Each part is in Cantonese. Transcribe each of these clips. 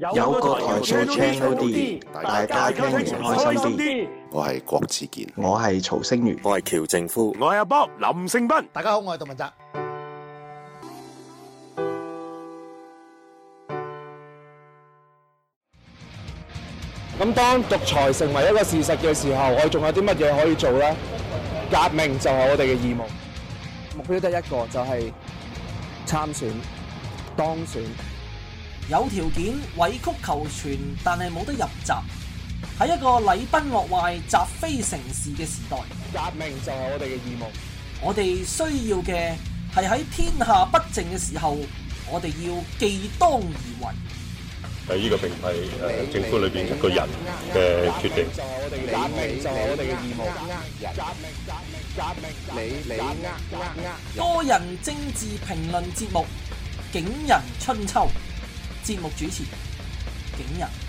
有個台做 channel D，大家聽完開心啲。我係郭志健，我係曹星如，我係喬正夫，我係阿波林勝斌。大家好，我係杜文澤。咁當獨裁成為一個事實嘅時候，我仲有啲乜嘢可以做咧？革命就係我哋嘅義務。目標得一個就係參選、當選。有條件委曲求全，但係冇得入閘。喺一個禮崩樂壞、集非成事嘅時代，革命就係我哋嘅義務。我哋需要嘅係喺天下不正嘅時候，我哋要既當而為。喺呢個並唔係誒政府裏邊一個人嘅決定。就係我哋革命，就係我哋嘅義務。革命，革命，革命，你你。多人政治評論節目《景仁春秋》。節目主持，景仁。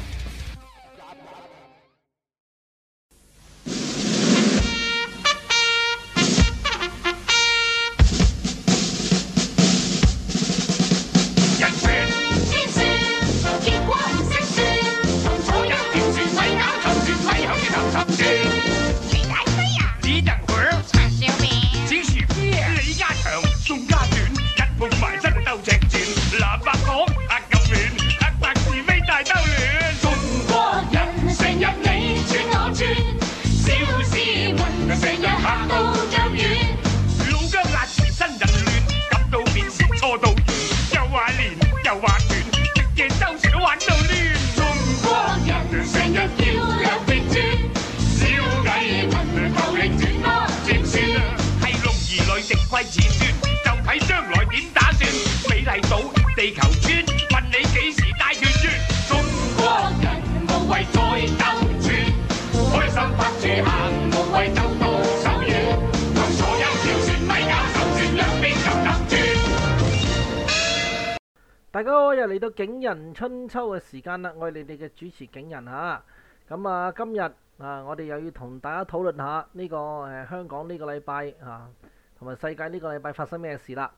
景仁春秋嘅時間啦，我係你哋嘅主持景仁吓，咁啊今日啊，我哋又要同大家討論下呢、這個誒、呃、香港呢個禮拜啊，同埋世界呢個禮拜發生咩事啦？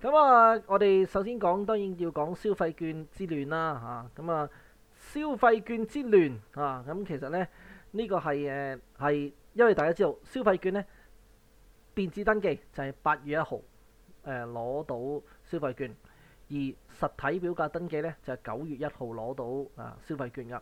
咁啊，我哋首先講，當然要講消費券之亂啦啊！咁啊，消費券之亂啊，咁其實呢，呢、這個係誒係，因為大家知道消費券呢，電子登記就係八月一號誒攞到消費券。而實體表格登記咧，就係、是、九月一號攞到啊消費券㗎。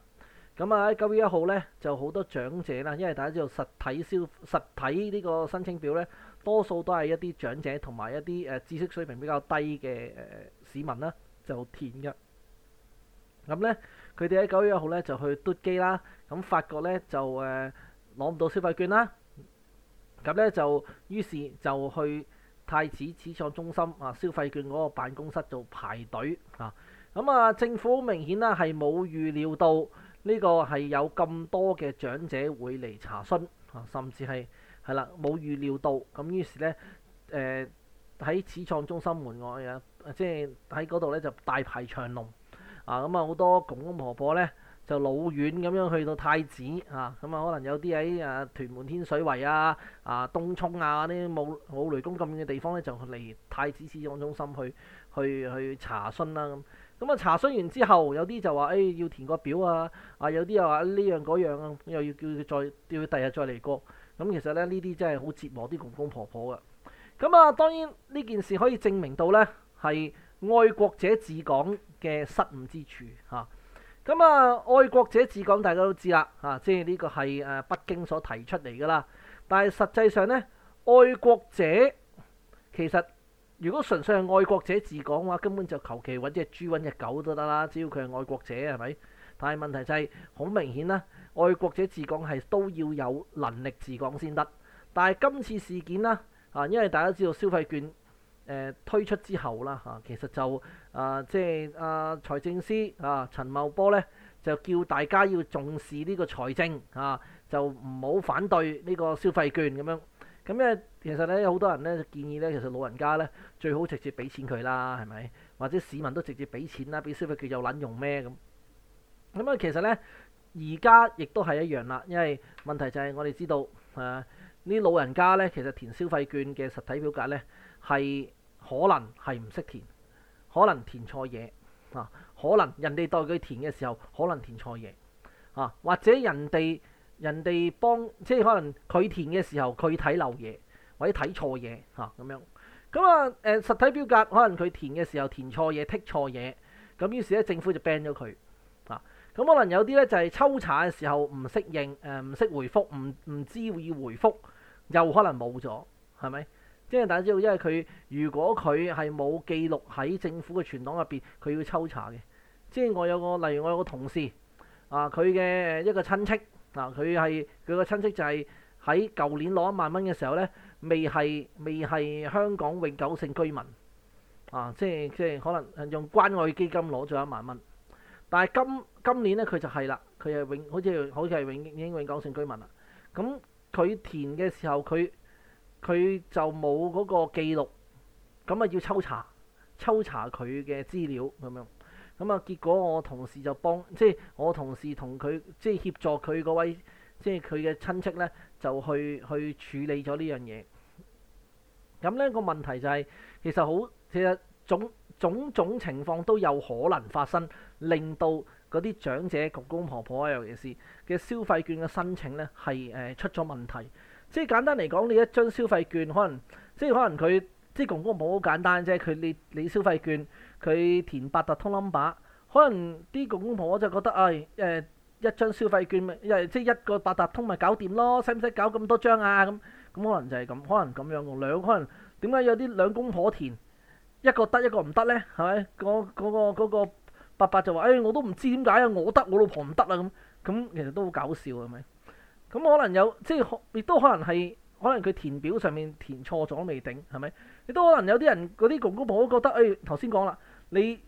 咁啊喺九月一號咧，就好多長者啦，因為大家知道實體消實體呢個申請表咧，多數都係一啲長者同埋一啲誒知識水平比較低嘅誒、呃、市民啦，就填㗎。咁咧，佢哋喺九月一號咧就去嘟機啦，咁發覺咧就誒攞唔到消費券啦。咁咧就於是就去。太子始創中心啊，消費券嗰個辦公室做排隊啊，咁啊，政府好明顯啦，係冇預料到呢個係有咁多嘅長者會嚟查詢啊，甚至係係啦，冇預料到，咁、啊、於是咧，誒、呃、喺始創中心門外啊，即係喺嗰度咧就大排長龍啊，咁啊好、啊、多公公婆婆咧。就老遠咁樣去到太子啊，咁啊可能有啲喺啊屯門天水圍啊、啊東涌啊嗰啲冇冇雷公咁遠嘅地方咧，就嚟太子市中中心去去去查詢啦、啊、咁。咁啊查詢完之後，有啲就話誒、哎、要填個表啊，有啊有啲又話呢樣嗰樣啊，又要叫佢再叫佢第日再嚟過。咁、啊、其實咧呢啲真係好折磨啲公公婆婆嘅。咁啊，啊當然呢件事可以證明到咧係愛國者治港嘅失誤之處嚇。啊咁啊、嗯，愛國者治港大家都知啦，啊，即係呢個係誒北京所提出嚟㗎啦。但係實際上咧，愛國者其實如果純粹係愛國者治港嘅話，根本就求其揾隻豬揾隻狗都得啦，只要佢係愛國者係咪？但係問題就係、是、好明顯啦，愛國者治港係都要有能力治港先得。但係今次事件啦，啊，因為大家知道消費券。誒、呃、推出之後啦嚇、啊，其實就、呃、即啊即係啊財政司啊陳茂波咧就叫大家要重視呢個財政啊，就唔好反對呢個消費券咁樣。咁咧其實咧好多人咧建議咧，其實老人家咧最好直接俾錢佢啦，係咪？或者市民都直接俾錢啦，俾消費券有撚用咩咁？咁啊，其實咧而家亦都係一樣啦，因為問題就係我哋知道啊，呢老人家咧其實填消費券嘅實體表格咧係，可能係唔識填，可能填錯嘢啊，可能人哋代佢填嘅時候可能填錯嘢啊，或者人哋人哋幫即係可能佢填嘅時候佢睇漏嘢或者睇錯嘢嚇咁樣，咁啊誒實體表格可能佢填嘅時候填錯嘢剔錯嘢，咁於是咧政府就 ban 咗佢啊，咁、嗯、可能有啲咧就係、是、抽查嘅時候唔適應誒唔識回覆唔唔知要回覆又可能冇咗係咪？即係大家知道，因為佢如果佢係冇記錄喺政府嘅存檔入邊，佢要抽查嘅。即係我有個，例如我有個同事，啊，佢嘅一個親戚，嗱、啊，佢係佢個親戚就係喺舊年攞一萬蚊嘅時候咧，未係未係香港永久性居民，啊，即係即係可能用關愛基金攞咗一萬蚊，但係今今年咧佢就係啦，佢係永好似好似係永已經永久性居民啦。咁佢填嘅時候佢。佢就冇嗰個記錄，咁啊要抽查，抽查佢嘅資料咁樣，咁啊結果我同事就幫，即係我同事同佢即係協助佢嗰位，即係佢嘅親戚咧，就去去處理咗呢樣嘢。咁咧個問題就係，其實好，其實種種種情況都有可能發生，令到嗰啲長者公公婆婆啊，尤其是嘅消費券嘅申請咧，係誒出咗問題。即係簡單嚟講，你一張消費券可能，即係可能佢即係公公婆好簡單啫。佢你你消費券，佢填八達通 number，可能啲公公婆就覺得唉，誒、哎呃、一張消費券咪，即係一個八達通咪搞掂咯，使唔使搞咁多張啊？咁咁可能就係咁，可能咁樣嘅。兩可能點解有啲兩公婆填一個得一個唔得咧？係咪？嗰、嗰、嗰個嗰、嗰個嗰個伯伯就話：誒、哎、我都唔知點解啊，我得我老婆唔得啊咁咁，其實都好搞笑係咪？咁、嗯、可能有，即係亦都可能係，可能佢填表上面填錯咗未定，係咪？亦都可能有啲人嗰啲公公婆婆覺得，誒，頭先講啦，你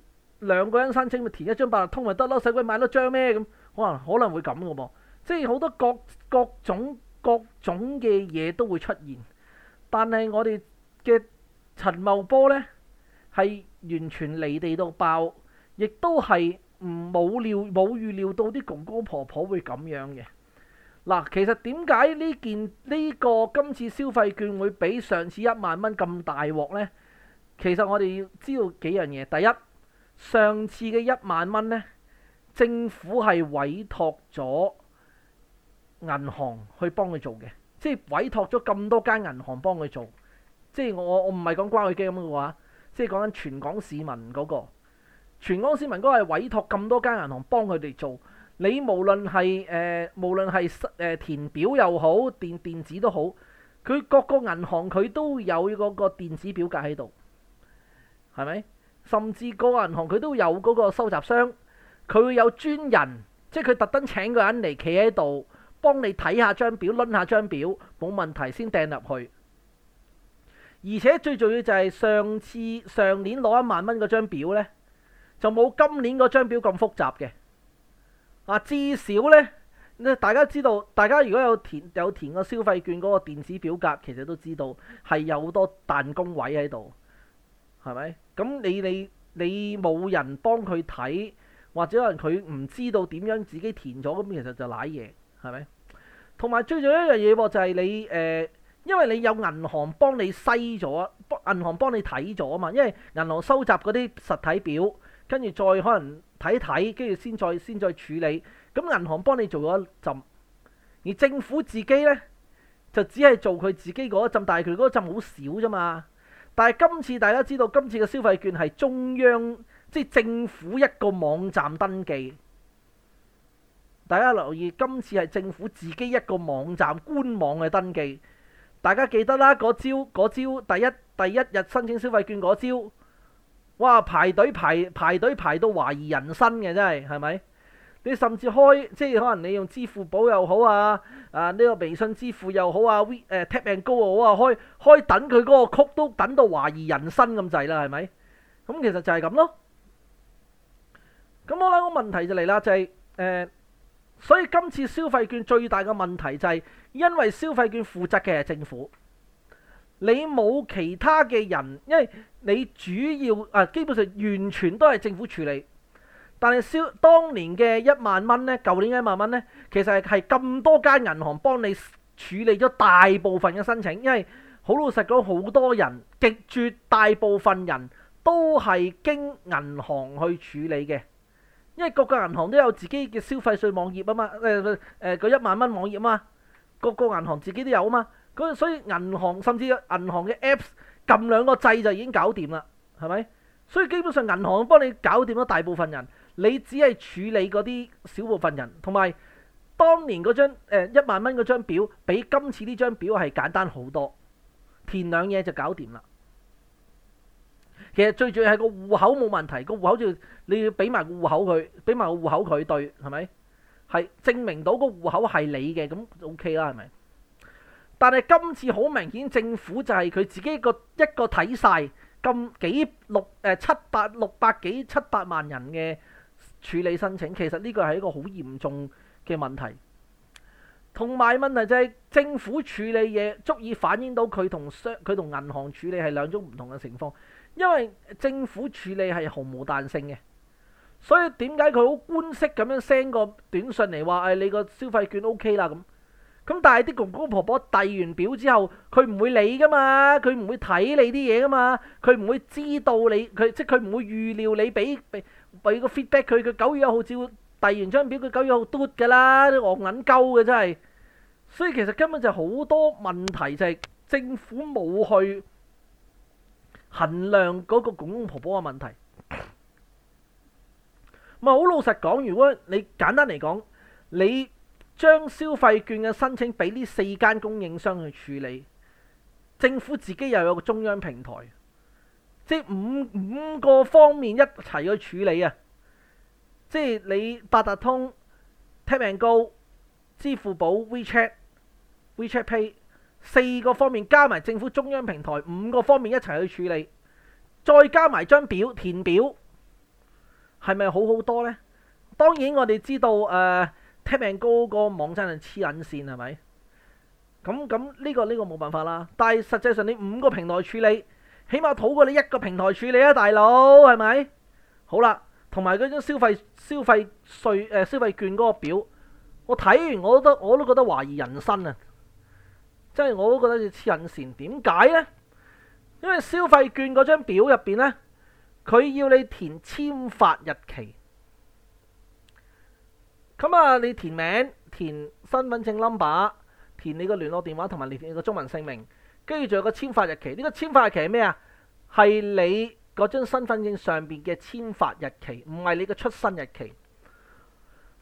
兩個人申請咪填一張八達通咪得咯，使鬼買多張咩？咁、嗯、可能可能會咁嘅噃，即係好多各各種各種嘅嘢都會出現，但係我哋嘅陳茂波咧係完全離地到爆，亦都係唔冇料冇預料到啲公公婆婆會咁樣嘅。嗱，其實點解呢件呢、這個今次消費券會比上次一萬蚊咁大鑊呢？其實我哋要知道幾樣嘢。第一，上次嘅一萬蚊呢，政府係委託咗銀行去幫佢做嘅，即係委託咗咁多間銀行幫佢做。即係我我唔係講關愛基金咁嘅話，即係講緊全港市民嗰、那個，全港市民嗰個係委託咁多間銀行幫佢哋做。你無論係誒、呃，無論係誒填表又好，電電子都好，佢各個銀行佢都有嗰個電子表格喺度，係咪？甚至各個銀行佢都有嗰個收集箱，佢會有專人，即係佢特登請個人嚟企喺度，幫你睇下張表，撚下張表，冇問題先掟入去。而且最重要就係上次上年攞一萬蚊嗰張表呢，就冇今年嗰張表咁複雜嘅。啊，至少咧，你大家知道，大家如果有填有填個消費券嗰個電子表格，其實都知道係有好多彈弓位喺度，係咪？咁你你你冇人幫佢睇，或者可能佢唔知道點樣自己填咗，咁其實就瀨嘢，係咪？同埋最重要一樣嘢喎，就係你誒，因為你有銀行幫你篩咗，銀行幫你睇咗啊嘛，因為銀行收集嗰啲實體表。跟住再可能睇睇，跟住先再先再處理。咁銀行幫你做咗一浸，而政府自己呢，就只係做佢自己嗰一浸，但係佢嗰浸好少啫嘛。但係今次大家知道，今次嘅消費券係中央即係政府一個網站登記。大家留意，今次係政府自己一個網站官網嘅登記。大家記得啦，嗰招嗰招第一第一日申請消費券嗰招。哇！排隊排排隊排到懷疑人生嘅真係係咪？你甚至開即係可能你用支付寶又好啊啊呢、這個微信支付又好啊 We 誒、呃、Tap and Go 又好啊，開開等佢嗰個曲都等到懷疑人生咁滯啦，係咪？咁、嗯、其實就係咁咯。咁好啦個問題就嚟啦，就係、是、誒、呃，所以今次消費券最大嘅問題就係因為消費券負責嘅係政府。你冇其他嘅人，因為你主要啊、呃，基本上完全都係政府處理。但係消當年嘅一萬蚊咧，舊年一萬蚊咧，其實係咁多間銀行幫你處理咗大部分嘅申請，因為好老實講，好多人極絕大部分人都係經銀行去處理嘅，因為各個銀行都有自己嘅消費稅網頁啊嘛，誒、呃、誒、呃、個一萬蚊網頁啊嘛，各個銀行自己都有啊嘛。所以銀行甚至銀行嘅 Apps 撳兩個掣就已經搞掂啦，係咪？所以基本上銀行幫你搞掂咗大部分人，你只係處理嗰啲小部分人。同埋當年嗰張、呃、一萬蚊嗰張表，比今次呢張表係簡單好多，填兩嘢就搞掂啦。其實最主要係個戶口冇問題，個戶口就要你要俾埋個戶口佢，俾埋個戶口佢，對，係咪？係證明到個戶口係你嘅，咁 OK 啦，係咪？但係今次好明顯，政府就係佢自己個一個睇晒咁幾六誒，呃、七百六百幾七百萬人嘅處理申請，其實呢個係一個好嚴重嘅問題。同埋問題就係政府處理嘢足以反映到佢同商佢同銀行處理係兩種唔同嘅情況，因為政府處理係毫無彈性嘅。所以點解佢好官式咁樣 send 個短信嚟，話，誒，你個消費券 OK 啦咁？咁、嗯、但係啲公公婆，婆婆遞完表之後，佢唔會理噶嘛，佢唔會睇你啲嘢噶嘛，佢唔會知道你佢即係佢唔會預料你俾俾個 feedback 佢，佢九月一號照遞完張表，佢九月一號嘟噶啦，啲憨撚鳩嘅真係。所以其實根本就好多問題，就係政府冇去衡量嗰個公公婆婆嘅問題。唔係好老實講，如果你簡單嚟講，你。將消費券嘅申請俾呢四間供應商去處理，政府自己又有個中央平台，即係五五個方面一齊去處理啊！即係你八達通、Tap & Go、支付寶、WeChat、WeChat Pay 四個方面加埋政府中央平台五個方面一齊去處理，再加埋張表填表，係咪好好多呢？當然我哋知道誒。呃聽名高過網站係黐引線係咪？咁咁，呢個呢個冇辦法啦。但係實際上你五個平台處理，起碼討過你一個平台處理啊，大佬係咪？好啦，同埋嗰張消費消費稅誒消費券嗰個表，我睇完我都我都覺得懷疑人生啊！即係我都覺得黐引線，點解呢？因為消費券嗰張表入邊呢，佢要你填簽發日期。咁啊，你填名，填身份證 number，填你個聯絡電話同埋你個中文姓名，跟住仲有個簽發日期。呢個簽發日期係咩啊？係你嗰張身份證上邊嘅簽發日期，唔係你個出生日期。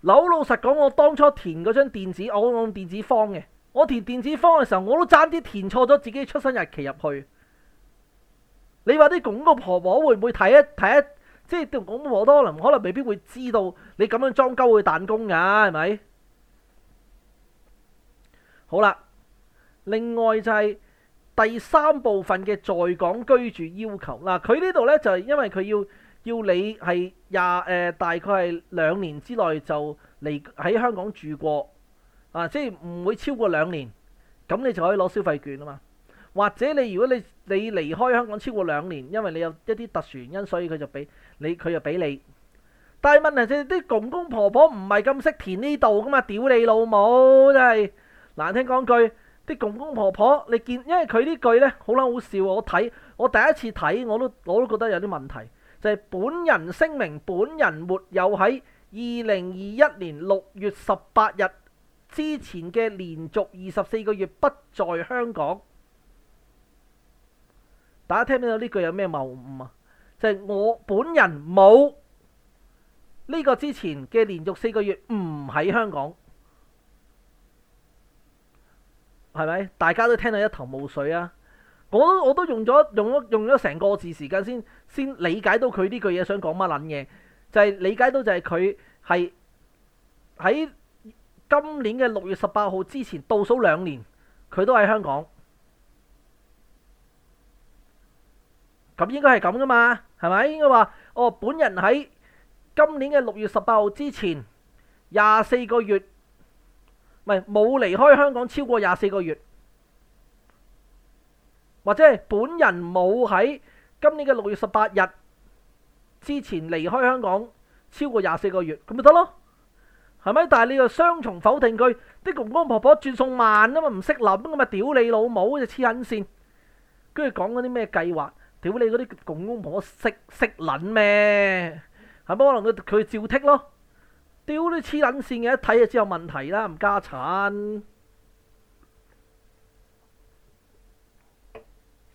老老實講，我當初填嗰張電子，我用電子方嘅，我填電子方嘅時候，我都差啲填錯咗自己出生日期入去。你話啲公公婆婆會唔會睇一睇啊？即係咁，我都可能，可能未必會知道你咁樣裝鳩佢彈弓噶，係咪？好啦，另外就係第三部分嘅在港居住要求嗱，佢、啊、呢度咧就係、是、因為佢要要你係廿誒大概係兩年之內就嚟喺香港住過啊，即係唔會超過兩年，咁你就可以攞消費券啊嘛。或者你如果你你離開香港超過兩年，因為你有一啲特殊原因，所以佢就俾你佢就俾你。但係問題就係啲公公婆婆唔係咁識填呢度噶嘛？屌你老母！真係難聽講句啲公公婆婆，你見，因為佢呢句咧好撚好笑。我睇我第一次睇我都我都覺得有啲問題，就係本人聲明，本人沒有喺二零二一年六月十八日之前嘅連續二十四個月不在香港。大家聽唔聽到呢句有咩謬誤啊？就係我本人冇呢個之前嘅連續四個月唔喺香港，係咪？大家都聽到一頭霧水啊！我我都用咗用咗用咗成個字時間，先先理解到佢呢句嘢想講乜撚嘢，就係理解到就係佢係喺今年嘅六月十八號之前倒數兩年，佢都喺香港。咁應該係咁噶嘛，係咪應該話哦？本人喺今年嘅六月十八號之前廿四個月，咪，冇離開香港超過廿四個月，或者係本人冇喺今年嘅六月十八日之前離開香港超過廿四個月，咁咪得咯？係咪？但係你又雙重否定佢，啲公公婆婆轉數慢啊嘛，唔識諗啊嘛，屌你老母啊，黐撚線，跟住講嗰啲咩計劃？屌你嗰啲公公婆識識捻咩？係咪可能佢佢照剔咯！屌你黐捻線嘅，一睇就知有問題啦，冚家鏟，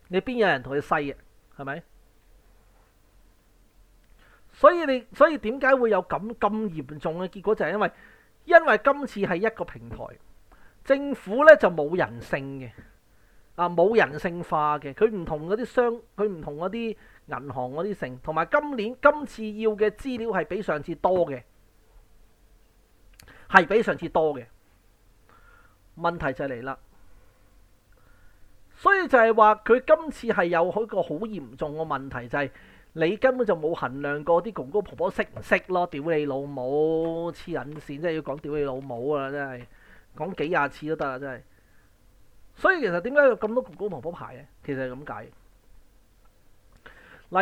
你邊有人同佢細啊？係咪？所以你所以點解會有咁咁嚴重嘅結果？就係因為因為今次係一個平台，政府咧就冇人性嘅。啊！冇人性化嘅，佢唔同嗰啲商，佢唔同嗰啲銀行嗰啲成，同埋今年今次要嘅資料係比上次多嘅，係比上次多嘅。問題就嚟啦，所以就係話佢今次係有一個好嚴重嘅問題就係、是、你根本就冇衡量過啲公公婆婆識唔識咯，屌你老母黐撚線，真係要講屌你老母啊，真係講幾廿次都得啦，真係。所以其實點解有咁多公公婆婆排嘅？其實係咁解。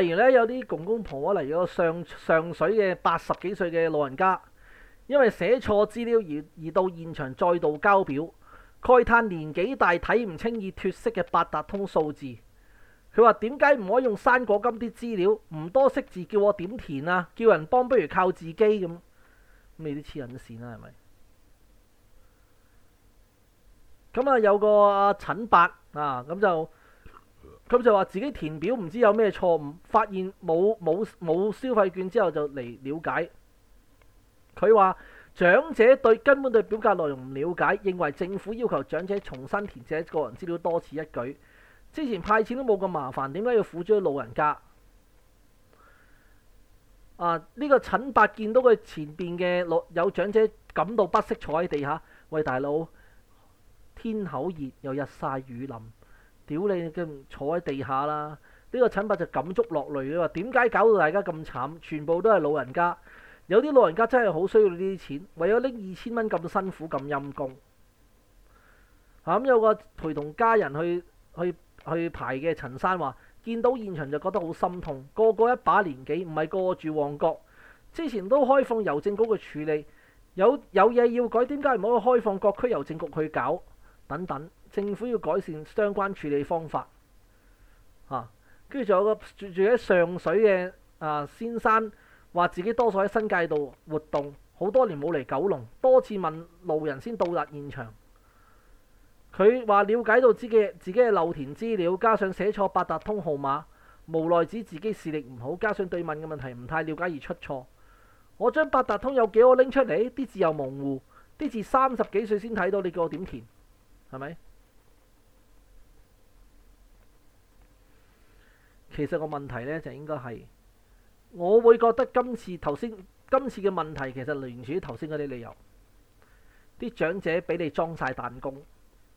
例如呢，有啲公公婆婆嚟咗上上水嘅八十幾歲嘅老人家，因為寫錯資料而而到現場再度交表，慨嘆年紀大睇唔清已脱色嘅八達通數字。佢話：點解唔可以用生果金啲資料？唔多識字，叫我點填啊？叫人幫，不如靠自己咁。未啲黐人嘅線啦，係咪？是咁、嗯、啊，有個阿陳伯啊，咁就咁就話自己填表唔知有咩錯誤，發現冇冇冇消費券之後就嚟了解。佢話，長者對根本對表格內容唔了解，認為政府要求長者重新填寫個人資料多此一舉。之前派錢都冇咁麻煩，點解要苦追老人家？啊！呢、呢個陳伯見到佢前邊嘅有長者感到不適，坐喺地下。喂，大佬！天口熱又日曬雨淋，屌你嘅坐喺地下啦！呢個陳伯就感觸落淚啦。話點解搞到大家咁慘？全部都係老人家，有啲老人家真係好需要呢啲錢，為咗拎二千蚊咁辛苦咁陰功。咁有個陪同家人去去去排嘅陳生話，見到現場就覺得好心痛，個個一把年紀，唔係個個住旺角，之前都開放郵政局去處理，有有嘢要改，點解唔可以開放各區郵政局去搞？等等，政府要改善相關處理方法嚇，跟、啊、住仲有個住住喺上水嘅啊、呃、先生話，自己多數喺新界度活動，好多年冇嚟九龍，多次問路人先到達現場。佢話了解到知嘅自己嘅漏填資料，加上寫錯八達通號碼，無奈指自己視力唔好，加上對問嘅問題唔太了解而出錯。我將八達通有幾多拎出嚟，啲字又模糊，啲字三十幾歲先睇到，你叫我點填？係咪？其實個問題咧就應該係，我會覺得今次頭先今次嘅問題其實源自於頭先嗰啲理由。啲長者俾你裝晒彈弓，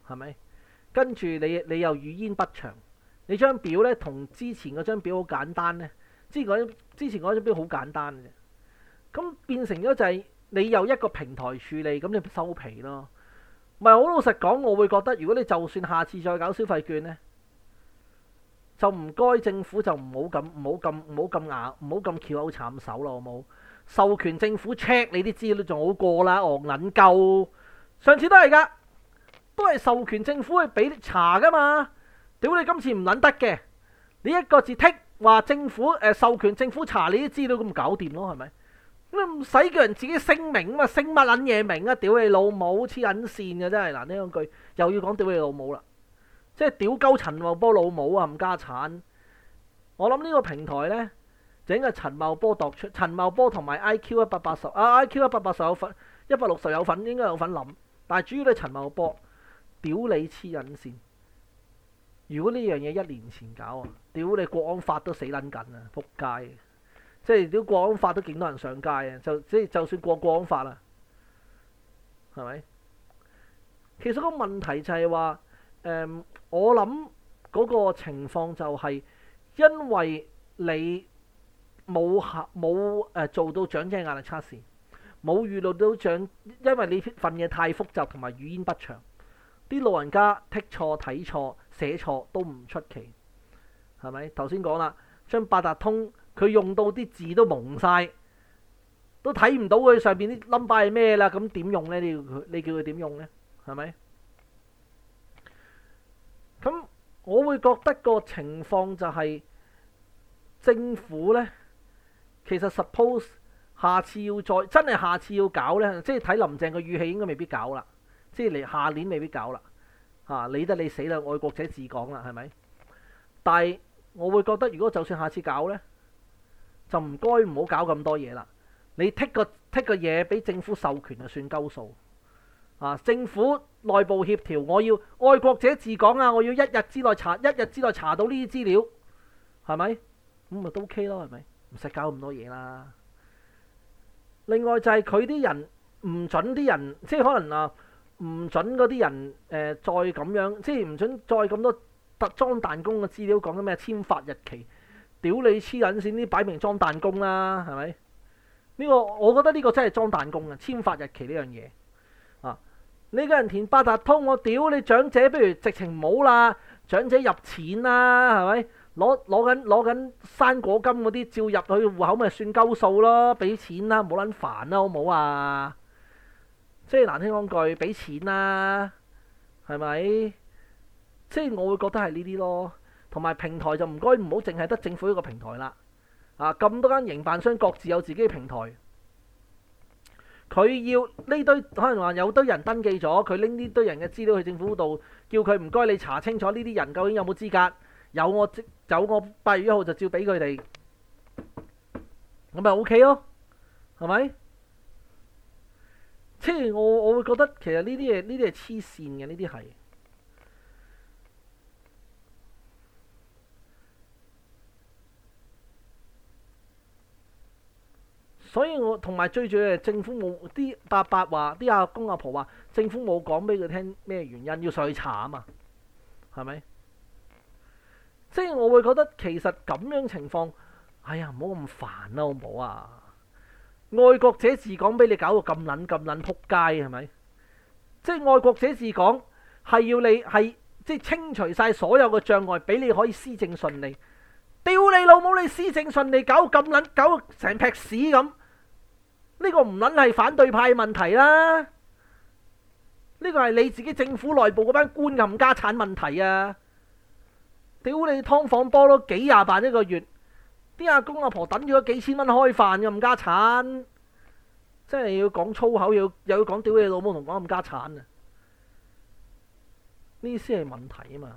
係咪？跟住你你又語焉不詳，你張表咧同之前嗰張表好簡單咧，之前嗰之前嗰張表好簡單嘅。咁變成咗就係你由一個平台處理，咁你收皮咯。唔係，好老實講，我會覺得如果你就算下次再搞消費券呢，就唔該政府就唔好咁唔好咁唔好咁咬，唔好咁巧口慘手啦，好冇？授權政府 check 你啲資料仲好過啦，戇撚鳩。上次都係㗎，都係授權政府去俾查㗎嘛。屌你今次唔撚得嘅，你一個字剔話政府誒授權政府查你啲資料咁、哦呃、搞掂咯，係咪？你唔使叫人自己聲明啊嘛，聲明乜捻嘢明啊？屌你老母，黐捻線嘅真係嗱，呢兩句又要講屌你老母啦，即係屌鳩陳茂波老母啊冚家產。我諗呢個平台咧，整個陳茂波度出陳茂波同埋 I Q 一百八十啊，I Q 一百八十有份，一百六十有份應該有份諗，但係主要你陳茂波屌你黐捻線。如果呢樣嘢一年前搞啊，屌你國安法都死捻緊啊，扑街！即係啲國安法都幾多人上街啊！就即係就算過國安法啦，係咪？其實個問題就係話，誒、嗯，我諗嗰個情況就係因為你冇冇誒做到長者壓力測試，冇預料到長，因為你份嘢太複雜同埋語言不詳，啲老人家剔錯、睇錯、寫錯都唔出奇，係咪？頭先講啦，將八達通。佢用到啲字都蒙晒，都睇唔到佢上邊啲冧巴係咩啦？咁點用咧？你要佢，你叫佢點用咧？係咪？咁我會覺得個情況就係政府咧，其實 suppose 下次要再真係下次要搞咧，即係睇林鄭嘅語氣，應該未必搞啦。即係嚟下年未必搞啦。嚇、啊，理得你死啦！愛國者治港啦，係咪？但係我會覺得，如果就算下次搞咧，就唔該唔好搞咁多嘢啦！你剔個剔個嘢俾政府授權就算鳩數啊！政府內部協調，我要愛國者治港啊！我要一日之內查，一日之內查到呢啲資料，係咪？咁咪都 OK 咯，係咪？唔使搞咁多嘢啦。另外就係佢啲人唔準啲人，即係可能啊唔準嗰啲人誒、呃、再咁樣，即係唔準再咁多特裝彈弓嘅資料，講緊咩簽發日期。屌你黐捻線，呢擺明裝彈弓啦，係咪？呢個我覺得呢個真係裝彈弓啊！簽發日期呢樣嘢啊，你叫人填八達通，我屌你長者，不如直情唔好啦，長者入錢啦，係咪？攞攞緊攞緊生果金嗰啲照入去戶口咪算鳩數咯，俾錢啦，唔好捻煩啦，好唔好啊？即係難聽講句，俾錢啦，係咪？即係我會覺得係呢啲咯。同埋平台就唔該唔好淨係得政府一個平台啦，啊咁多間營辦商各自有自己嘅平台，佢要呢堆可能話有堆人登記咗，佢拎呢堆人嘅資料去政府度，叫佢唔該你查清楚呢啲人究竟有冇資格，有我即有我八月一號就照俾佢哋，咁咪 O K 咯，係咪？切，我我會覺得其實呢啲嘢呢啲係黐線嘅，呢啲係。所以我同埋追住咧，政府冇啲伯伯話啲阿公阿婆話政府冇講俾佢聽咩原因，要上去查啊嘛，係咪？即係我會覺得其實咁樣情況，哎呀，唔好咁煩啦，好唔好啊？愛國者治港俾你搞到咁撚咁撚撲街係咪？即係愛國者治港係要你係即係清除晒所有嘅障礙俾你可以施政順利。屌你老母你施政順利，搞到咁撚搞到成劈屎咁。呢個唔卵係反對派問題啦，呢個係你自己政府內部嗰班官冚家產問題啊！屌你劏房波都幾廿萬一個月，啲阿公阿婆，婆等咗幾千蚊開飯嘅冚家產，即係要講粗口，要又要講屌你老母同講冚家產啊！呢啲先係問題啊嘛，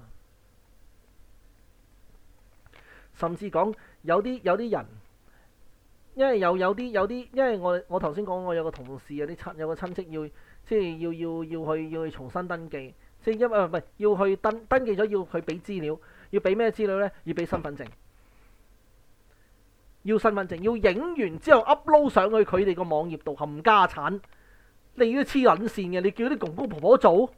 甚至講有啲有啲人。因為有有啲有啲，因為我我頭先講我有個同事有啲親有個親戚要即係要要要去要去重新登記，即係一唔係要去登登記咗要去俾資料，要俾咩資料咧？要俾身份證，要身份證，要影完之後 upload 上去佢哋個網頁度冚家產，你都黐撚線嘅，你叫啲公公婆婆做，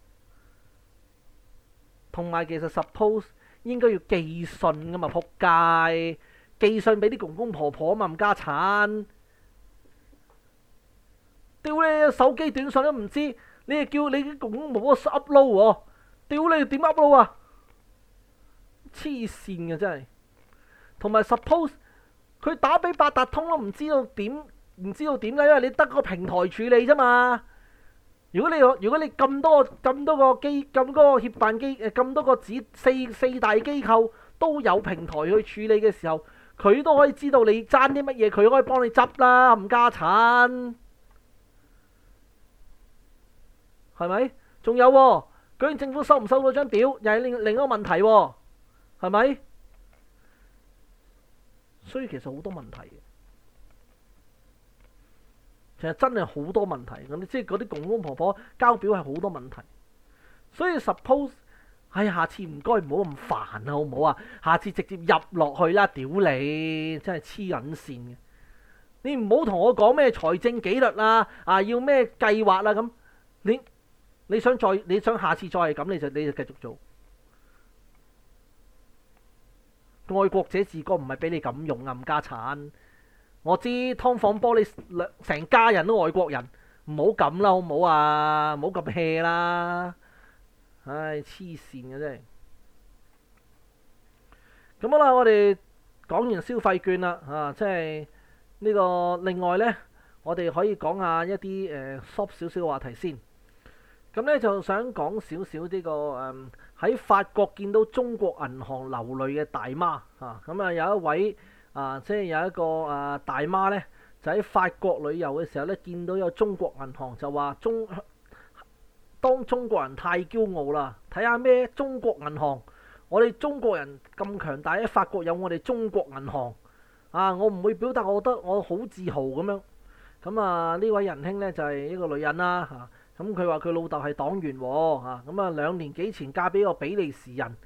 同埋其實 suppose 應該要寄信㗎嘛，仆街。寄信俾啲公公婆婆咁冚家鏟，屌你手機短信都唔知，你叫你啲公公婆婆 upload 哦，屌你點 upload 啊？黐線嘅真係，同埋 suppose 佢打俾八達通都唔知道點，唔知道點解，因為你得個平台處理啫嘛。如果你如果你咁多咁多個機咁多個協辦機誒咁多個指四四大機構都有平台去處理嘅時候。佢都可以知道你爭啲乜嘢，佢可以幫你執啦，冚家產，係咪？仲有喎，究竟政府收唔收到張表，又係另另一個問題喎，係咪？所以其實好多問題嘅，其實真係好多問題咁，即係嗰啲公公婆婆，婆交表係好多問題，所以 suppose。唉、哎，下次唔該，唔好咁煩啦，好唔好啊？下次直接入落去啦，屌你！真係黐撚線嘅，你唔好同我講咩財政紀律啦、啊，啊要咩計劃啦、啊、咁，你你想再你想下次再係咁，你就你就繼續做。愛國者自覺唔係俾你咁用冚、啊、家鏟，我知湯房波你兩成家人都外國人，唔好咁啦，好唔好啊？唔好咁 hea 啦～唉，黐線嘅啫。咁、啊、好啦，我哋講完消費券啦，嚇、啊，即係呢、呢個另外呢，我哋可以講一下一啲誒 short 少少嘅話題先。咁呢，就想講少少呢個誒，喺、嗯、法國見到中國銀行流淚嘅大媽嚇，咁啊有一位啊，即係有一個啊大媽呢，就喺法國旅遊嘅時候呢，見到有中國銀行就話中。當中國人太驕傲啦，睇下咩中國銀行，我哋中國人咁強大，喺法國有我哋中國銀行啊！我唔會表達，我覺得我好自豪咁樣。咁、嗯、啊，呢位仁兄呢就係、是、一個女人啦，咁佢話佢老豆係黨員，啊咁啊兩年幾前嫁俾個比利時人，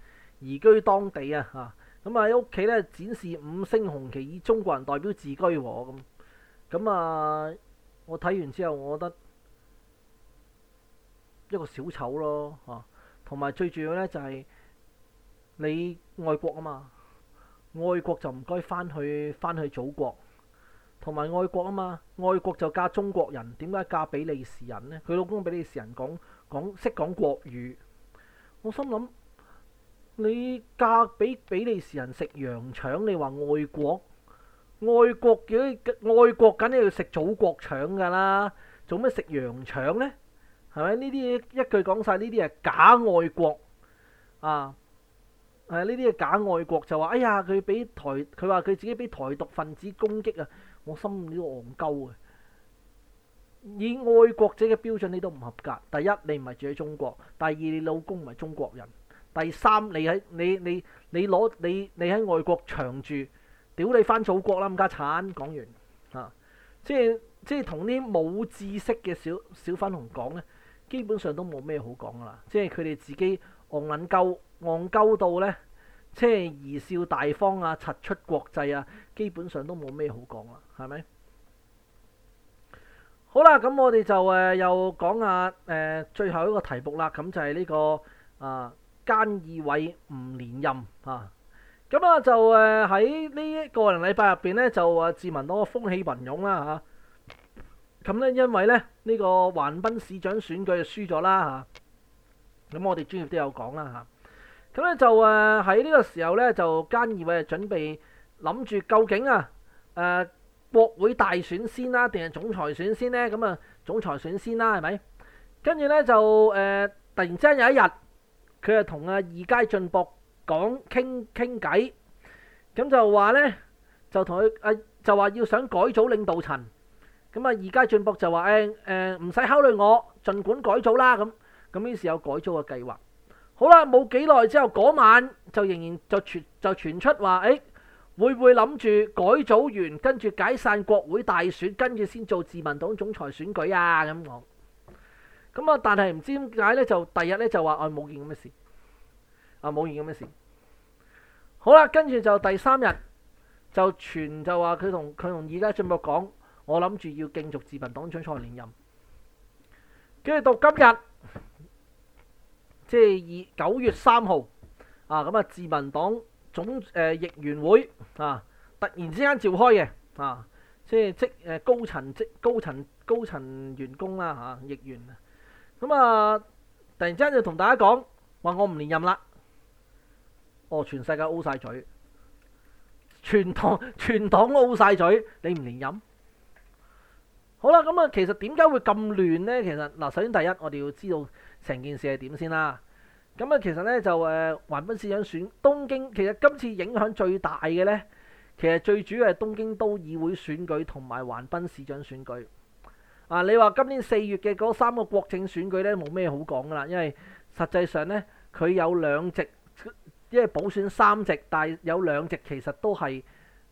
移居當地啊，咁啊喺屋企呢展示五星紅旗，以中國人代表自居，咁咁啊，我睇完之後，我覺得。一個小丑咯，嚇、啊！同埋最重要呢就係你愛國啊嘛，愛國就唔該翻去翻去祖國，同埋愛國啊嘛，愛國就嫁中國人，點解嫁比利時人呢？佢老公比利時人講講識講國語，我心諗你嫁俾比利時人食羊腸，你話愛國？愛國嘅愛國梗係要食祖國腸噶啦，做咩食羊腸呢？係咪呢啲一句講晒？呢啲係假愛國啊！係呢啲係假愛國就話：哎呀，佢俾台佢話佢自己俾台獨分子攻擊啊！我心裏都戇鳩啊。以愛國者嘅標準，你都唔合格。第一，你唔係住喺中國；第二，你老公唔係中國人；第三，你喺你你你攞你你喺外國長住，屌你翻祖國啦，冚家鏟！講完啊，即係即係同啲冇知識嘅小小粉紅講咧。基本上都冇咩好講噶啦，即係佢哋自己戇撚鳩戇鳩到咧，即係貽笑大方啊，柒出國際啊，基本上都冇咩好講啦，係咪？好啦，咁我哋就誒、呃、又講下誒、呃、最後一個題目啦，咁、嗯、就係、是、呢、這個啊菅義偉唔連任啊，咁、嗯、啊就誒喺呢一個禮拜入邊咧就啊自民黨風起雲湧啦嚇。啊咁咧，因為咧呢個橫濱市長選舉就輸咗啦嚇，咁我哋專業都有講啦嚇。咁咧就誒喺呢個時候咧就菅義偉準備諗住究竟啊誒國會大選先啦，定係總裁選先咧？咁啊總裁選先啦，係咪？跟住咧就誒突然之間有一日，佢就同阿二階俊博講傾傾偈，咁就話咧就同佢阿就話要想改組領導層。咁啊！而家俊博就話：誒、欸、誒，唔、呃、使考慮我，儘管改組啦。咁咁於是有改組嘅計劃。好啦，冇幾耐之後，嗰、那個、晚就仍然就傳就傳出話：誒、欸、會唔會諗住改組完，跟住解散國會大選，跟住先做自民黨總裁選舉啊？咁講。咁啊，但係唔知點解咧，就第日咧就話：我冇件咁嘅事，啊冇件咁嘅事。好啦，跟住就第三日就傳就話佢同佢同而家俊博講。我諗住要競逐自民黨將再連任，跟住到今日，即係以九月三號啊，咁啊自民黨總誒役員會啊突然之間召開嘅啊，即係即誒高層即高層高層員工啦吓役員，咁啊突然之間就同大家講話我唔連任啦，哦全世界 O 晒嘴，全黨全黨 O 晒嘴，你唔連任？好啦，咁啊，其實點解會咁亂咧？其實嗱，首先第一，我哋要知道成件事係點先啦。咁啊，其實咧就誒、呃，橫濱市長選東京，其實今次影響最大嘅咧，其實最主要係東京都議會選舉同埋橫濱市長選舉。啊，你話今年四月嘅嗰三個國政選舉咧，冇咩好講㗎喇，因為實際上咧，佢有兩席，因為補選三席，但係有兩席其實都係誒、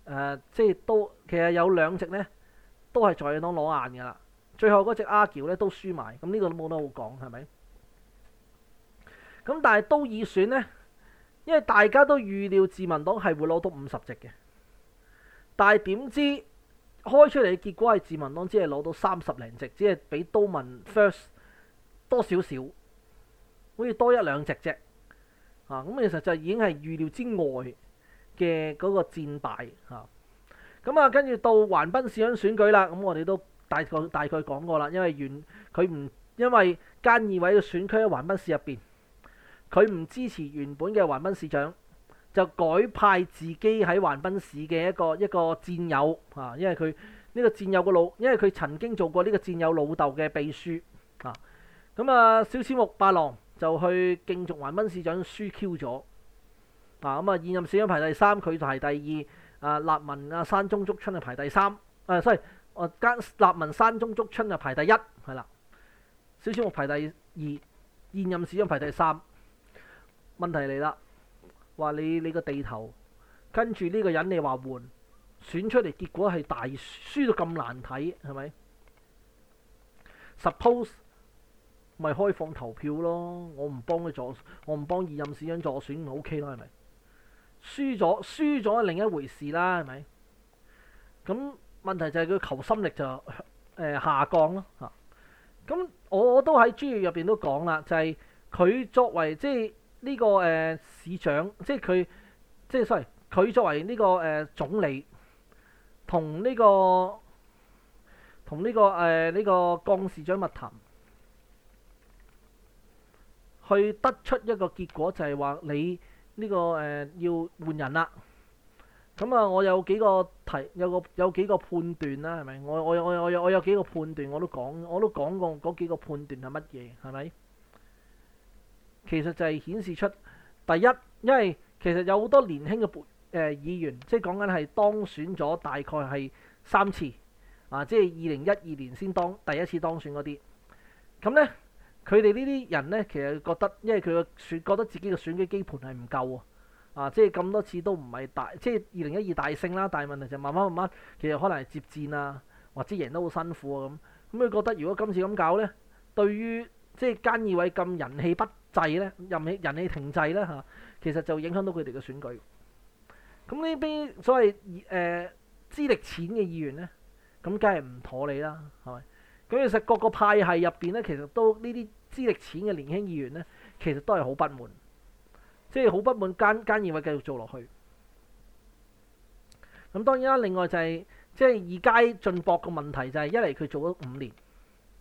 呃，即係都其實有兩席咧。都係在野黨攞硬嘅啦，最後嗰隻阿喬咧都輸埋，咁、嗯、呢、這個冇得好講係咪？咁、嗯、但係都議選呢，因為大家都預料自民黨係會攞到五十隻嘅，但係點知開出嚟嘅結果係自民黨只係攞到三十零隻，只係比都民 first 多少少，好似多一兩隻啫。啊、咁、嗯、其實就已經係預料之外嘅嗰個戰敗啊。咁啊，跟住、嗯、到橫濱市長選舉啦，咁、嗯、我哋都大概大概講過啦，因為原佢唔因為菅義偉嘅選區喺橫濱市入邊，佢唔支持原本嘅橫濱市長，就改派自己喺橫濱市嘅一個一個戰友啊，因為佢呢、這個戰友個老，因為佢曾經做過呢個戰友老豆嘅秘書啊，咁、嗯、啊，小此木八郎就去競逐橫濱市長輸 Q 咗嗱，咁啊、嗯、現任市長排第三，佢就係第二。啊！立文啊，山中竹春啊排第三，啊，所以我間立文山中竹春啊排第一，係啦，小小我排第二，現任市長排第三。問題嚟啦，話你你個地頭跟住呢個人你話換選出嚟，結果係大輸到咁難睇，係咪？Suppose 咪開放投票咯，我唔幫佢助，我唔幫現任市長助選，O K 啦，係、OK, 咪？輸咗，輸咗另一回事啦，係咪？咁問題就係佢求心力就誒下降咯吓。咁我都喺專頁入邊都講啦，就係、是、佢作為即係呢、這個誒、呃、市長，即係佢即係 sorry，佢作為呢、這個誒、呃、總理，同呢、這個同呢、這個誒呢、呃這個江市長密談，去得出一個結果，就係、是、話你。呢、這個誒、呃、要換人啦，咁、嗯、啊，我有幾個提有個有幾個判斷啦，係咪？我我我我有我有幾個判斷，我都講，我都講過嗰幾個判斷係乜嘢，係咪？其實就係顯示出第一，因為其實有好多年輕嘅誒議員，即係講緊係當選咗大概係三次啊，即係二零一二年先當第一次當選嗰啲，咁咧。佢哋呢啲人咧，其實覺得因為佢個選覺得自己嘅選舉基盤係唔夠啊，啊，即係咁多次都唔係大，即係二零一二大勝啦。但係問題就慢慢慢慢，其實可能係接戰啊，或者贏得好辛苦啊咁。咁佢覺得如果今次咁搞咧，對於即係菅義偉咁人氣不濟咧，人氣人氣停滯咧嚇，其實就影響到佢哋嘅選舉。咁呢啲所謂誒、呃、資歷淺嘅議員咧，咁梗係唔妥你啦，係咪？咁其實各個派系入邊咧，其實都呢啲資歷淺嘅年輕議員咧，其實都係好不滿，即係好不滿菅菅義偉繼續做落去。咁當然啦，另外就係、是、即係二階俊博個問題就係、是、一嚟佢做咗五年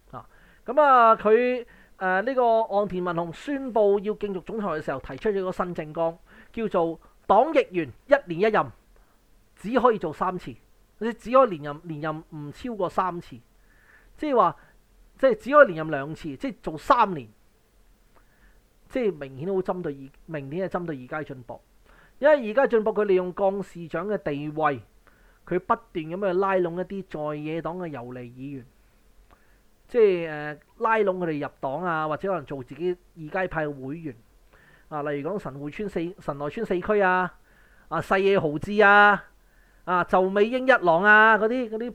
啊，咁啊佢誒呢個岸田文雄宣布要競逐總裁嘅時候，提出咗個新政綱，叫做黨役員一年一任，只可以做三次，你只可以連任連任唔超過三次。即係話，即係只可以連任兩次，即係做三年，即係明顯都好針對二，明顯係針對二階進步。因為二階進步，佢利用幹事長嘅地位，佢不斷咁去拉攏一啲在野黨嘅遊離議員，即係誒、呃、拉攏佢哋入黨啊，或者可能做自己二階派嘅會員啊。例如講神戶村四、神奈川四區啊、啊細野豪志啊、啊就美英一郎啊嗰啲嗰啲。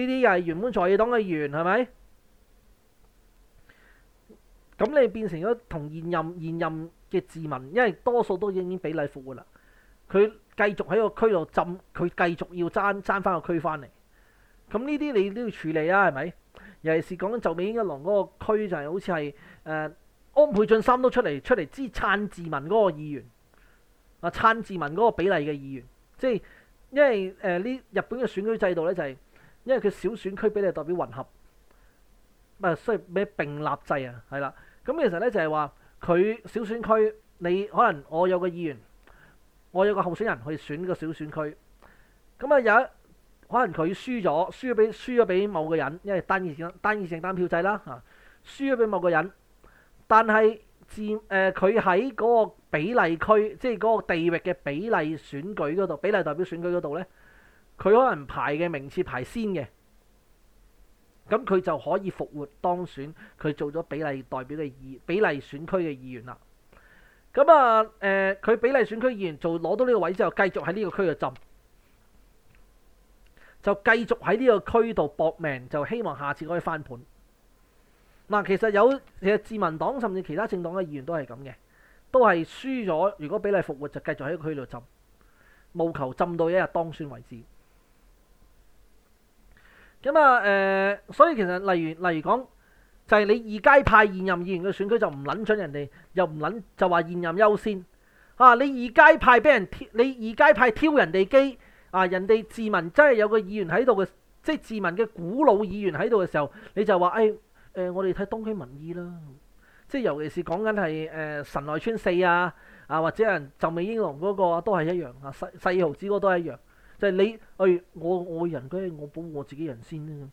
呢啲又係原本在野黨嘅議員係咪？咁你變成咗同現任現任嘅自民，因為多數都已經比例復活啦。佢繼續喺個區度浸，佢繼續要爭爭翻個區翻嚟。咁呢啲你都要處理啊，係咪？尤其是講緊就美英一郎嗰個區就，就係好似係誒安倍晉三都出嚟出嚟支撐自民嗰個議員，啊撐自民嗰個比例嘅議員，即係因為誒呢、呃、日本嘅選舉制度咧就係、是。因為佢小選區比例代表混合，唔係需要咩並立制啊？係啦，咁其實咧就係話佢小選區，你可能我有個議員，我有個候選人去選個小選區，咁啊有可能佢輸咗，輸咗俾輸咗俾某個人，因為單議席單議席單票制啦嚇、啊，輸咗俾某個人，但係自誒佢喺嗰個比例區，即係嗰個地域嘅比例選舉嗰度，比例代表選舉嗰度咧。佢可能排嘅名次排先嘅，咁佢就可以復活當選，佢做咗比例代表嘅議比例選區嘅議員啦。咁啊，誒、呃，佢比例選區議員做攞到呢個位之後，繼續喺呢個區度浸，就繼續喺呢個區度搏命，就希望下次可以翻盤。嗱、啊，其實有其實自民黨甚至其他政黨嘅議員都係咁嘅，都係輸咗。如果比例復活就繼續喺個區度浸，務求浸到一日當選為止。咁啊，誒、呃，所以其實例如，例如講，就係、是、你二階派現任議員嘅選舉就唔撚准人哋，又唔撚就話現任優先。啊，你二階派俾人挑，你二階派挑人哋機。啊，人哋自民真係有個議員喺度嘅，即係自民嘅古老議員喺度嘅時候，你就話誒誒，我哋睇當區民意啦。即係尤其是講緊係誒神奈川四啊，啊或者人就美英龍嗰個都係一樣啊，細細野豪志嗰個都係一樣。即係你，哎、我我人梗係，我保護我自己人先啦。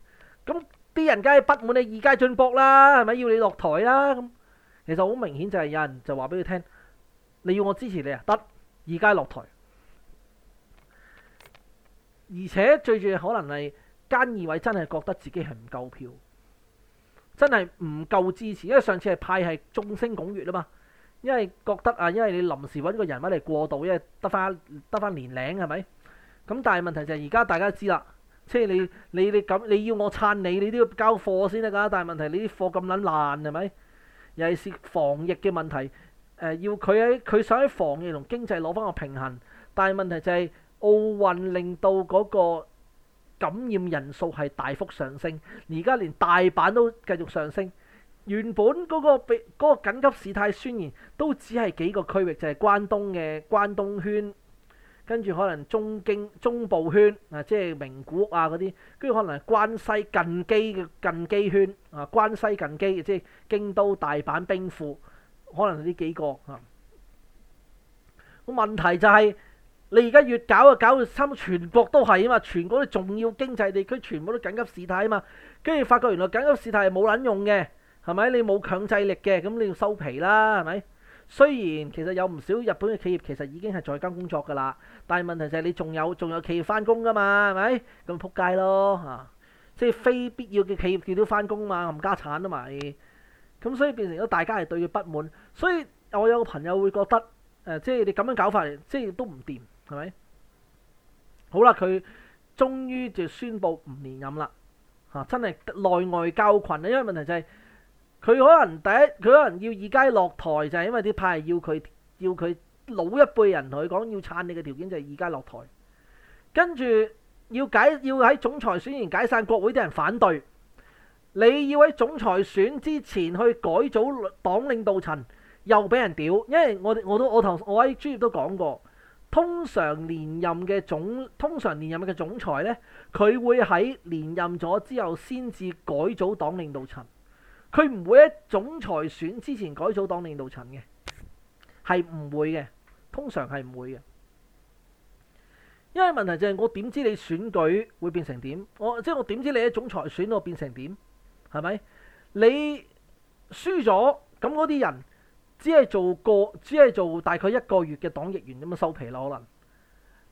咁啲人梗係不滿你二階俊博啦，係咪要你落台啦？咁其實好明顯就係有人就話俾你聽，你要我支持你啊，得二階落台。而且最住可能係菅義偉真係覺得自己係唔夠票，真係唔夠支持，因為上次係派係眾星拱月啊嘛。因為覺得啊，因為你臨時揾個人物嚟過渡，因為得翻得翻年領係咪？是咁但係問題就係而家大家都知啦，即係你你你咁你要我撐你，你都要交貨先得㗎。但係問題你啲貨咁撚爛係咪？尤其是防疫嘅問題，誒、呃、要佢喺佢想喺防疫同經濟攞翻個平衡。但係問題就係奧運令到嗰個感染人數係大幅上升，而家連大阪都繼續上升。原本嗰個比嗰個緊急事態宣言都只係幾個區域，就係、是、關東嘅關東圈。跟住可能中京中部圈啊，即係名古屋啊嗰啲，跟住可能係關西近畿嘅近畿圈啊，關西近畿即係京都大阪兵庫，可能係呢幾個啊。咁問題就係你而家越搞就搞到差唔多全國都係啊嘛，全國啲重要經濟地區全部都緊急事態啊嘛，跟住發覺原來緊急事態係冇撚用嘅，係咪？你冇強制力嘅，咁你要收皮啦，係咪？雖然其實有唔少日本嘅企業其實已經係在崗工作㗎啦，但係問題就係你仲有仲有企業翻工㗎嘛，係咪咁撲街咯嚇？即係非必要嘅企業叫到翻工嘛，冚家鏟啦嘛，咁所以變成咗大家係對佢不滿。所以我有個朋友會覺得誒、呃，即係你咁樣搞法，嚟，即係都唔掂，係咪？好啦，佢終於就宣布唔連任啦嚇、啊，真係內外交困啊！因為問題就係、是。佢可能第一，佢可能要二階落台，就係因為啲派要佢要佢老一輩人同佢講要撐你嘅條件就係二階落台，跟住要解要喺總裁選完解散國會，啲人反對。你要喺總裁選之前去改組黨領導層又俾人屌，因為我我都我頭我喺專業都講過，通常連任嘅總通常連任嘅總裁呢，佢會喺連任咗之後先至改組黨領導層。佢唔會喺總裁選之前改組黨領導層嘅，係唔會嘅，通常係唔會嘅。因為問題就係我點知你選舉會變成點？我即係我點知你喺總裁選我變成點？係咪？你輸咗咁嗰啲人只係做個，只係做大概一個月嘅黨役員咁樣收皮啦可能。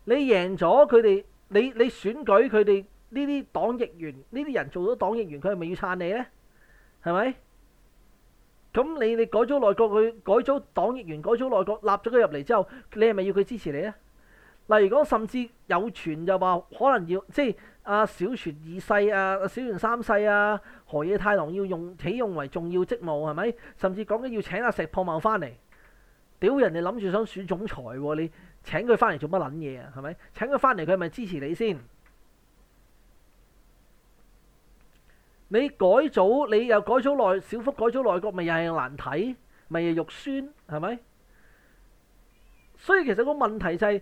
你贏咗佢哋，你你選舉佢哋呢啲黨役員呢啲人做咗黨役員，佢係咪要撐你咧？係咪？咁你你改咗內閣，佢改咗黨議員，改咗內閣，納咗佢入嚟之後，你係咪要佢支持你啊？例如講，甚至有傳就話，可能要即係阿、啊、小泉二世、阿、啊、小泉三世啊，河野太郎要用起用為重要職務，係咪？甚至講緊要請阿石破茂翻嚟，屌人哋諗住想選總裁喎，你請佢翻嚟做乜撚嘢啊？係咪？請佢翻嚟，佢係咪支持你先？你改組，你又改組內，小幅改組內閣，咪又係難睇，咪又肉酸，係咪？所以其實個問題就係、是、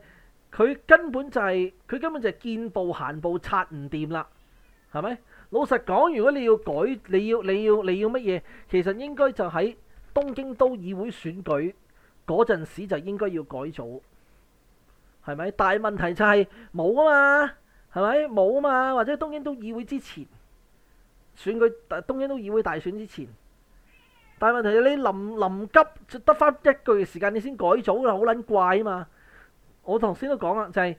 佢根本就係、是、佢根本就係見步行步拆唔掂啦，係咪？老實講，如果你要改，你要你要你要乜嘢？其實應該就喺東京都議會選舉嗰陣時，就應該要改組，係咪？大問題就係冇㗎嘛，係咪冇㗎嘛？或者東京都議會之前。選舉大東京都議會大選之前，但係問題係你臨臨急就得翻一個月時間，你先改組啦，好撚怪啊嘛！我頭先都講啦，就係、是、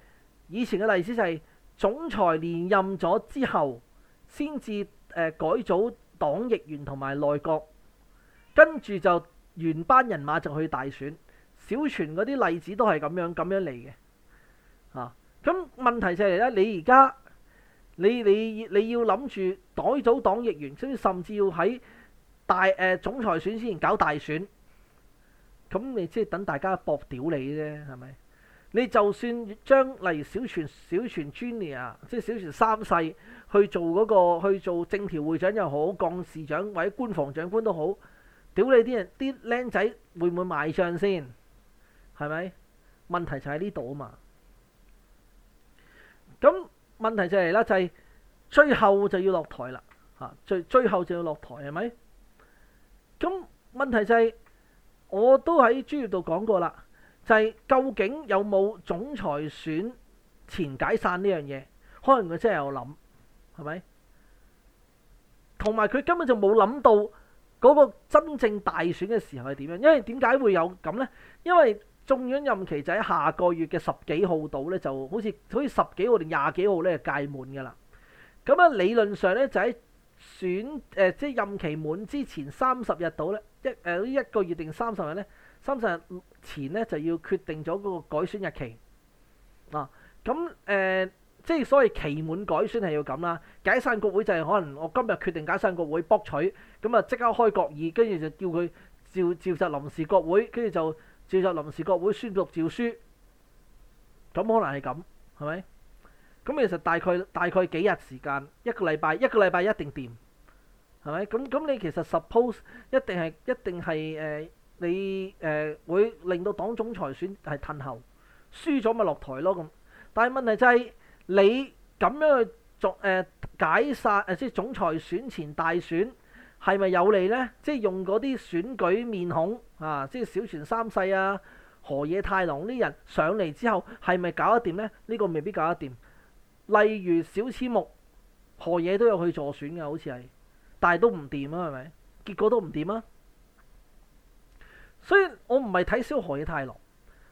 以前嘅例子就係總裁連任咗之後，先至誒改組黨役員同埋內閣，跟住就原班人馬就去大選。小泉嗰啲例子都係咁樣咁樣嚟嘅，啊！咁問題就係咧，你而家。你你你要諗住改組黨役員，甚至甚至要喺大誒、呃、總裁選之前搞大選，咁你即係等大家搏屌你啫，係咪？你就算將例如小泉小泉 Junior，即係小泉三世去做嗰、那個去做政調會長又好，幹事長或者官房長官都好，屌你啲人啲僆仔會唔會賣賬先？係咪？問題就喺呢度啊嘛！問題就係啦，就係最後就要落台啦，嚇最最後就要落台係咪？咁問題就係，我都喺專業度講過啦，就係究竟有冇總裁選前解散呢樣嘢？可能佢真係有諗係咪？同埋佢根本就冇諗到嗰個真正大選嘅時候係點樣？因為點解會有咁咧？因為眾院任期就喺下個月嘅十幾號度咧，就好似好似十幾號定廿幾號咧，屆滿嘅啦。咁啊，理論上咧就喺選誒、呃，即係任期滿之前三十日到咧，一誒呢、呃、一個月定三十日咧，三十日前咧就要決定咗嗰個改選日期啊。咁、嗯、誒、呃，即係所謂期滿改選係要咁啦。解散國會就係可能我今日決定解散國會，博取咁啊，即刻開國議，跟住就叫佢召召、召集臨時國會，跟住就。召集臨時國會宣讀詔書，咁可能係咁，係咪？咁其實大概大概幾日時間，一個禮拜一個禮拜一定掂，係咪？咁咁你其實 suppose 一定係一定係誒你誒會令到黨總裁選係褪後，輸咗咪落台咯咁。但係問題就係你咁樣去做誒解散誒即係總裁選前大選係咪有利咧？即係用嗰啲選舉面孔。啊！即係小泉三世啊，河野太郎呢人上嚟之後，係咪搞得掂咧？呢、呢個未必搞得掂。例如小千木河野都有去助選嘅，好似係，但係都唔掂啊，係咪？結果都唔掂啊。所以我唔係睇小河野太郎，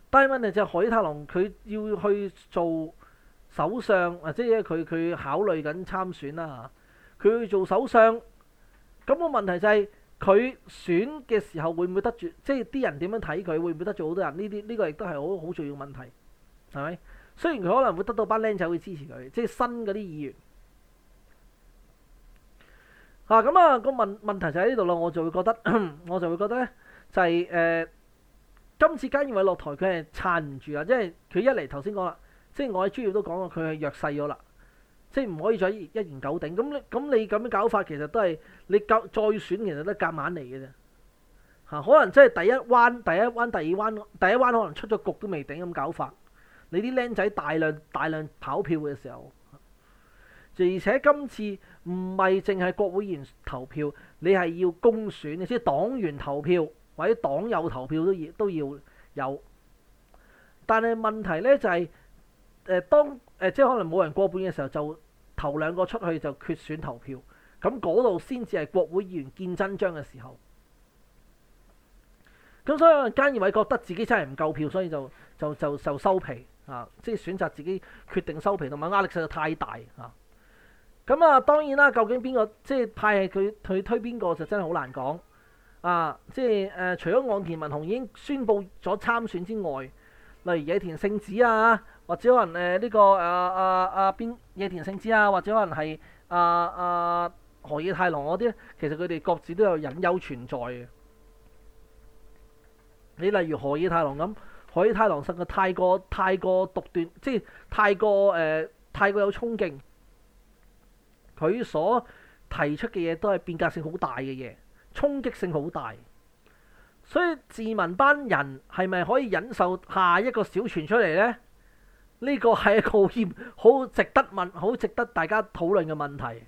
但係問題就係河野太郎佢要去做首相或者啊，即係佢佢考慮緊參選啦，佢去做首相，咁、個問題就係、是。佢選嘅時候會唔會得住？即係啲人點樣睇佢，會唔會得罪好多人？呢啲呢個亦都係好好重要問題，係咪？雖然佢可能會得到班靚仔會支持佢，即係新嗰啲議員啊。咁啊，那個問問題就喺呢度啦。我就會覺得，我就會覺得咧，就係、是、誒、呃，今次菅義偉落台，佢係撐唔住啦。即係佢一嚟頭先講啦，即係我喺專業都講過，佢係弱勢咗啦。即係唔可以再一言九鼎咁，你咁你咁樣搞法其實都係你搞再選其實都係夾硬嚟嘅啫嚇，可能即係第一彎、第一彎、第二彎、第一彎可能出咗局都未頂咁搞法，你啲僆仔大量大量跑票嘅時候，而且今次唔係淨係國會議員投票，你係要公選，你即係黨員投票或者黨友投票都要都要有，但係問題咧就係、是、誒、呃、當誒、呃、即係可能冇人過半嘅時候就。頭兩個出去就決選投票，咁嗰度先至係國會議員見真章嘅時候。咁所以菅義偉覺得自己真係唔夠票，所以就就就就收皮啊！即係選擇自己決定收皮，同埋壓力實在太大啊！咁啊，當然啦，究竟邊個即係派佢佢推邊個就真係好難講啊！即係誒、呃，除咗岸田文雄已經宣布咗參選之外，例如野田聖子啊。或者可能誒、這、呢個啊啊啊邊野田聖子啊，或者可能係啊啊河野太郎嗰啲，其實佢哋各自都有隱憂存在嘅。你例如河野太郎咁，河野太郎實在太過太過獨斷，即係太過誒、呃、太過有衝勁，佢所提出嘅嘢都係變革性好大嘅嘢，衝擊性好大，所以自民班人係咪可以忍受下一個小傳出嚟咧？呢個係一個好好值得問、好值得大家討論嘅問題，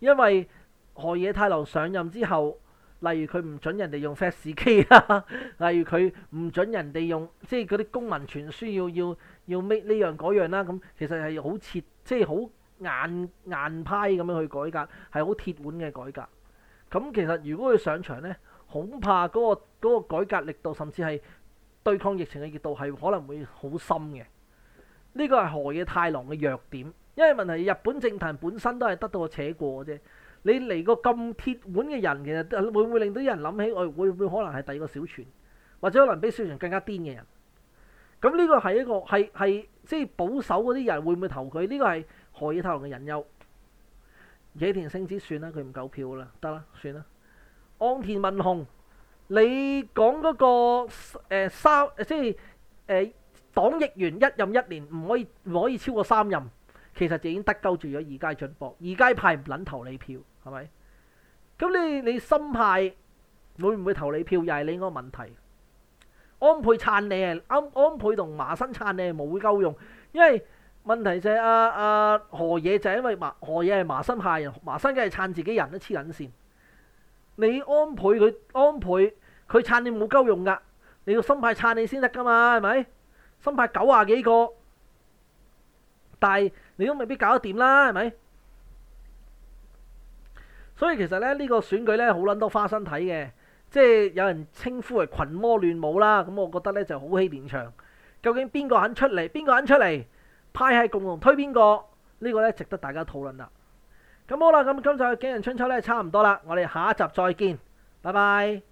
因為河野太郎上任之後，例如佢唔准人哋用 fax 機啦， 例如佢唔准人哋用即係嗰啲公民傳輸要要要咩呢樣嗰樣啦。咁、這個這個、其實係好切，即係好硬硬派咁樣去改革，係好鐵腕嘅改革。咁其實如果佢上場咧，恐怕嗰、那個那個改革力度，甚至係對抗疫情嘅力度，係可能會好深嘅。呢個係河野太郎嘅弱點，因為問題日本政壇本身都係得過且過嘅啫。你嚟個咁鐵腕嘅人，其實會唔會令到啲人諗起？我、哎、會唔會可能係第二個小泉，或者可能比小泉更加癲嘅人？咁、嗯、呢、這個係一個係係即係保守嗰啲人會唔會投佢？呢、這個係河野太郎嘅隱憂。野田聖子算啦，佢唔夠票啦，得啦，算啦。岸田文雄，你講嗰、那個誒三、呃、即係誒？呃黨議員一任一年唔可以唔可以超過三任，其實就已經得鳩住咗二階俊博。二階派唔撚投你票係咪？咁咧，你新派會唔會投你票又係另一個問題。安倍撐你啊，安安倍同麻生撐你冇夠用，因為問題就係阿阿何嘢就因為麻何嘢係麻生派人，麻生梗係撐自己人啦，黐撚線。你安倍佢安倍佢撐你冇夠用㗎，你要新派撐你先得㗎嘛？係咪？新派九廿幾個，但係你都未必搞得掂啦，係咪？所以其實咧，呢個選舉咧，好撚多花生睇嘅，即係有人稱呼為群魔亂舞啦。咁我覺得咧，就好戲連場。究竟邊個肯出嚟？邊個肯出嚟？派係共同推邊個？呢個咧，值得大家討論啦。咁好啦，咁今集嘅《景仁春秋》咧，差唔多啦。我哋下一集再見，拜拜。